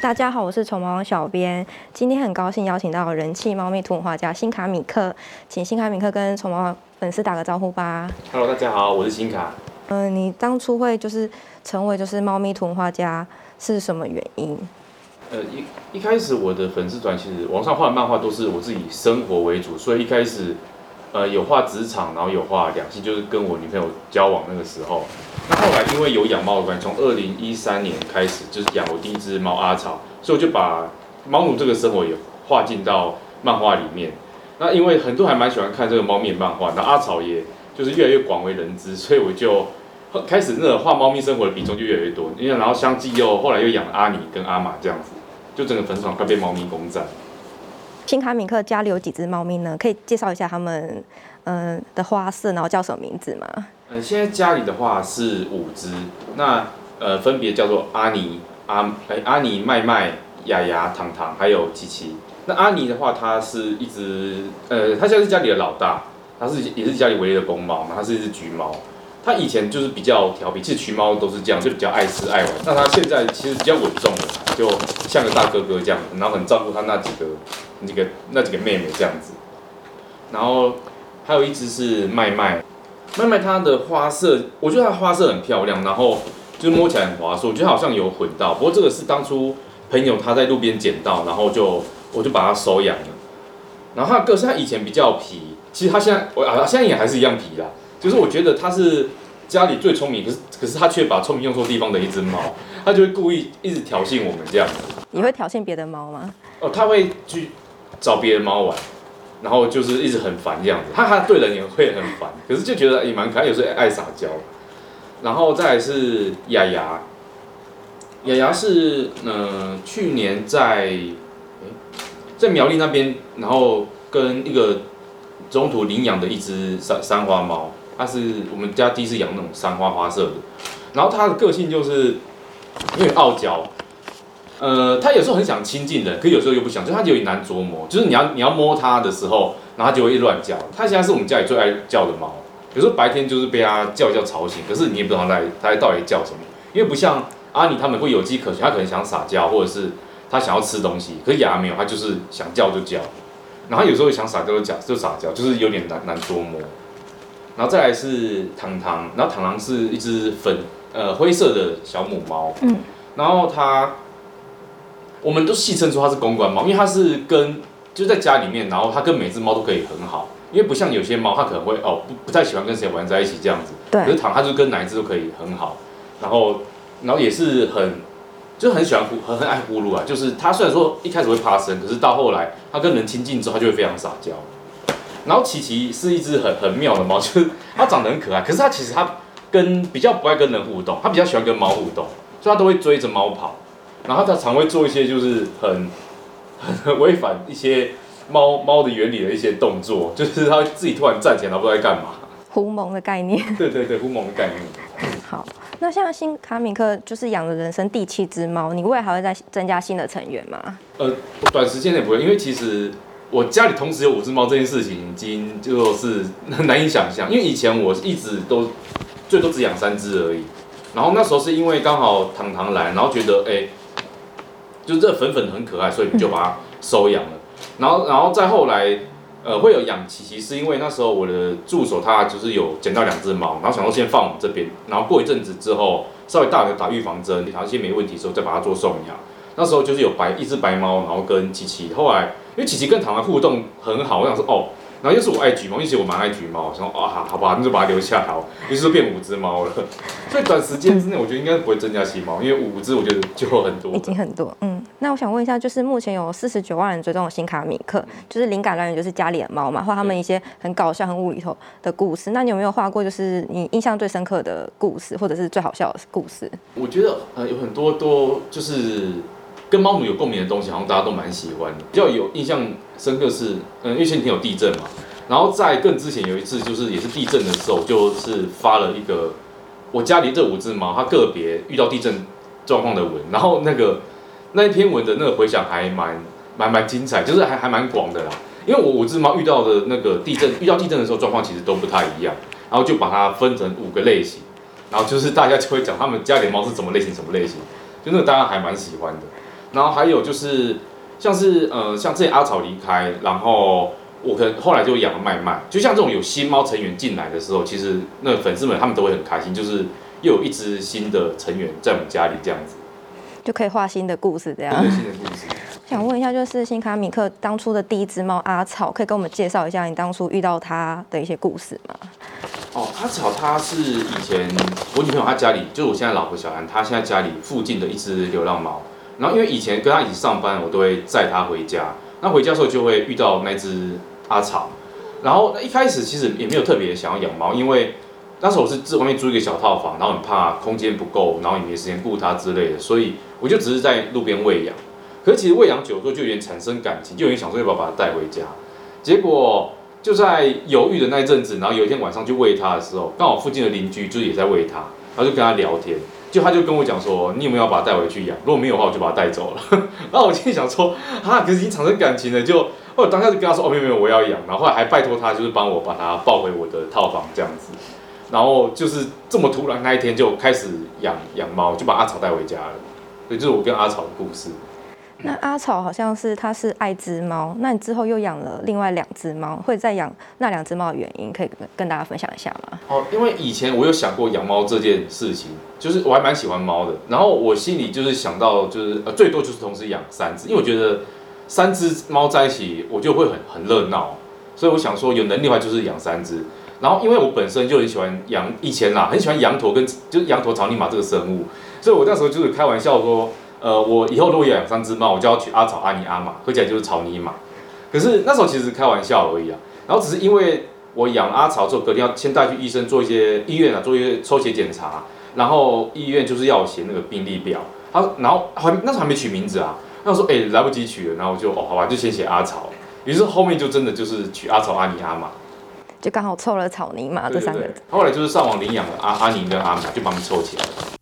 大家好，我是寵毛小編。今天很高興邀請到人氣貓咪圖文畫家辛卡米克，請辛卡米克跟寵毛粉絲打個招呼吧。Hello，大家好，我是辛卡。嗯、呃，你當初會就是成為就是貓咪圖文畫家是什麼原因？呃，一一開始我的粉絲團其實網上畫的漫畫都是我自己生活為主，所以一開始。呃，有畫職場，然後有畫兩性，就是跟我女朋友交往那個時候。那後來因為有養貓的關係，從二零一三年開始就是養我第一隻貓阿草，所以我就把貓奴這個生活也畫進到漫畫裡面。那因為很多還蠻喜歡看這個貓咪漫畫，那阿草也就是越來越廣為人知，所以我就開始那個畫貓咪生活的比重就越來越多。因為然後相繼又後，後來又養阿尼跟阿馬這樣子，就整個粉廠快被貓咪攻佔。辛卡米克家裡有幾隻貓咪呢？可以介紹一下它們，嗯的花色，然後叫什麼名字嗎？呃，現在家裡的話是五隻，那呃分別叫做阿尼、啊欸、阿哎阿尼、麥麥、雅雅、糖糖，還有琪琪。那阿尼的話，它是一隻呃，它現在是家裡的老大，他是也是家裡唯一的公貓嘛，他是一隻橘貓。他以前就是比較調皮，其實橘貓都是這樣，就比較愛吃愛玩。那他現在其實比較穩重的，就像個大哥哥這樣，然後很照顧他那幾個。幾個那幾個妹妹這樣子，然後還有一隻是麥麥，麥麥它的花色，我覺得它花色很漂亮，然後就是摸起來很滑順，我覺得好像有混到。不過這個是當初朋友他在路邊撿到，然後就我就把它收養了。然後它個性，它以前比較皮，其實它現在我啊現在也還是一樣皮啦。就是我覺得它是家裡最聰明，可是可是它卻把聰明用錯地方的一隻貓，它就會故意一直挑釁我們這樣。你會挑釁別的貓嗎？哦，它會去。找別的貓玩，然後就是一直很煩這樣子。他它對人也會很煩，可是就覺得也蠻可愛，有時候愛撒嬌。然後再來是雅雅，雅雅是嗯、呃、去年在在苗栗那邊，然後跟一個中途領養的一只三三花貓，它是我們家第一次養那種三花花色的。然後它的個性就是因為傲嬌。呃，它有時候很想親近人，可有時候又不想，就他它有點難琢磨。就是你要你要摸它的時候，然後它就會亂叫。它現在是我們家裡最愛叫的貓，有時候白天就是被它叫一叫吵醒，可是你也不知道它它到底叫什麼，因為不像阿尼、啊、他們會有跡可循，它可能想撒嬌，或者是它想要吃東西。可雅沒有，它就是想叫就叫，然後有時候想撒嬌就叫就撒嬌，就是有點難難琢磨。然後再來是糖糖，然後糖糖是一隻粉呃灰色的小母貓，嗯，然後它。我們都戲稱說它是公關貓，因為它是跟就在家裡面，然後它跟每只貓都可以很好，因為不像有些貓，它可能會哦不不太喜歡跟誰玩在一起這樣子。對。可是它，它就跟哪一只都可以很好，然後然後也是很就很喜歡呼很很愛呼嚕啊，就是它雖然說一開始會怕生，可是到後來它跟人親近之後，它就會非常撒嬌。然後琪琪是一只很很妙的貓，就是它長得很可愛，可是它其實它跟比較不愛跟人互動，它比較喜歡跟貓互動，所以它都會追着貓跑。然後他常會做一些就是很很違反一些貓貓的原理的一些動作，就是他自己突然站起來，不知道在幹嘛。狐獴的概念。對對對，狐獴的概念。好，那現在辛卡米克就是養了人生第七隻貓，你未來還會再增加新的成員嗎？呃，短時間內不會，因為其實我家裡同時有五只貓這件事情已經就是難以想象，因為以前我一直都最多只養三只而已。然後那時候是因為剛好糖糖來，然後覺得哎。欸就是這粉粉很可愛，所以你就把它收養了。然後，然後再後來，呃，會有養琪琪，是因為那時候我的助手他就是有撿到兩隻貓，然後想說先放我們這邊。然後過一陣子之後，稍微大了打預防針，然後先沒問題的時候再把它做送養。那時候就是有白一隻白貓，然後跟琪琪。後來因為琪琪跟糖糖互動很好，我想說哦。然後又是我愛橘貓，而且我蠻愛橘貓，我說，啊，好吧，那就把它留下好哦。於是變五只貓了。所以短時間之內，我覺得應該不會增加新貓，因為五只我覺得就很多。已經很多，嗯。那我想問一下，就是目前有四十九萬人追蹤辛卡米克，就是靈感來源就是家裡的貓嘛，或他們一些很搞笑、對很無厘頭的故事。那你有沒有畫過就是你印象最深刻的故事，或者是最好笑的故事？我覺得呃有很多多，就是。跟貓奴有共鳴的東西，好像大家都蠻喜歡的。比較有印象深刻是，嗯，因為前幾天有地震嘛，然後在更之前有一次，就是也是地震的時候，就是發了一個我家裡這五隻貓，它個別遇到地震狀況的文。然後那個那一篇文的那個回響還蠻蠻蠻精彩，就是還還蠻廣的啦。因為我五隻貓遇到的那個地震，遇到地震的時候狀況其實都不太一樣，然後就把它分成五個類型，然後就是大家就會講他們家裡貓是什麼類型什麼類型，就那個大家還蠻喜歡的。然後還有就是，像是呃，像這阿草離開，然後我可能後來就養了麥麥。就像這種有新貓成員進來的時候，其實那粉絲們他們都會很開心，就是又有一只新的成員在我們家裡這樣子，就可以畫新的故事這樣。新的故事。想問一下，就是辛卡米克當初的第一只貓阿草，可以跟我們介紹一下你當初遇到它的一些故事嗎？哦，阿草它是以前我女朋友她家裡，就是我現在老婆小嵐，她現在家裡附近的一只流浪貓。然後因為以前跟他一起上班，我都會載他回家。那回家的時候就會遇到那隻阿草。然後那一開始其實也沒有特別想要養貓，因為那時候我是在外面租一個小套房，然後很怕空間不夠，然後也沒時間顧它之類的，所以我就只是在路邊餵養。可是其實餵養久了之後，就有點產生感情，就有點想說要把把它帶回家。結果就在猶豫的那陣子，然後有一天晚上就餵他的時候，剛好附近的鄰居就也在餵他。他就跟他聊天，就他就跟我講說，你有沒有把他帶回去養？如果沒有的話，我就把他帶走了。然後我心裡想說，啊，可是已經產生感情了，就我當下就跟他說，哦，沒有沒有，我要養。然後還拜托他，就是幫我把他抱回我的套房這樣子。然後就是這麼突然，那一天就開始養養貓，就把阿草帶回家了。所以就是我跟阿草的故事。那阿草好像是他是愛隻貓，那你之後又養了另外兩隻貓，會再養那兩隻貓的原因，可以跟跟大家分享一下嗎？哦，因為以前我有想過養貓這件事情，就是我還蠻喜歡貓的，然後我心裡就是想到就是呃最多就是同時養三隻，因為我覺得三隻貓在一起我就會很很熱鬧，所以我想說有能力的話就是養三隻，然後因為我本身就很喜歡養以前啦，很喜歡羊駝跟就是羊駝草泥馬這個生物，所以我那時候就是開玩笑說。呃，我以後如果養三隻貓，我就要取阿草、阿尼、阿瑪，合起來就是草泥馬。可是那時候其實開玩笑而已啊，然後只是因為我養了阿草之後，隔天要先帶去醫生做一些醫院啊，做一些抽血檢查，然後醫院就是要我寫那個病歷表、啊，然後還那時候還沒取名字啊，那時候說哎、欸、來不及取了，然後我就哦好吧，就先寫阿草，於是後面就真的就是取阿草、阿尼、阿瑪，就剛好湊了草泥馬對對這三個人。後來就是上網領養了阿阿尼跟阿瑪，就幫他們湊起來了。